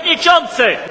przewodniczący!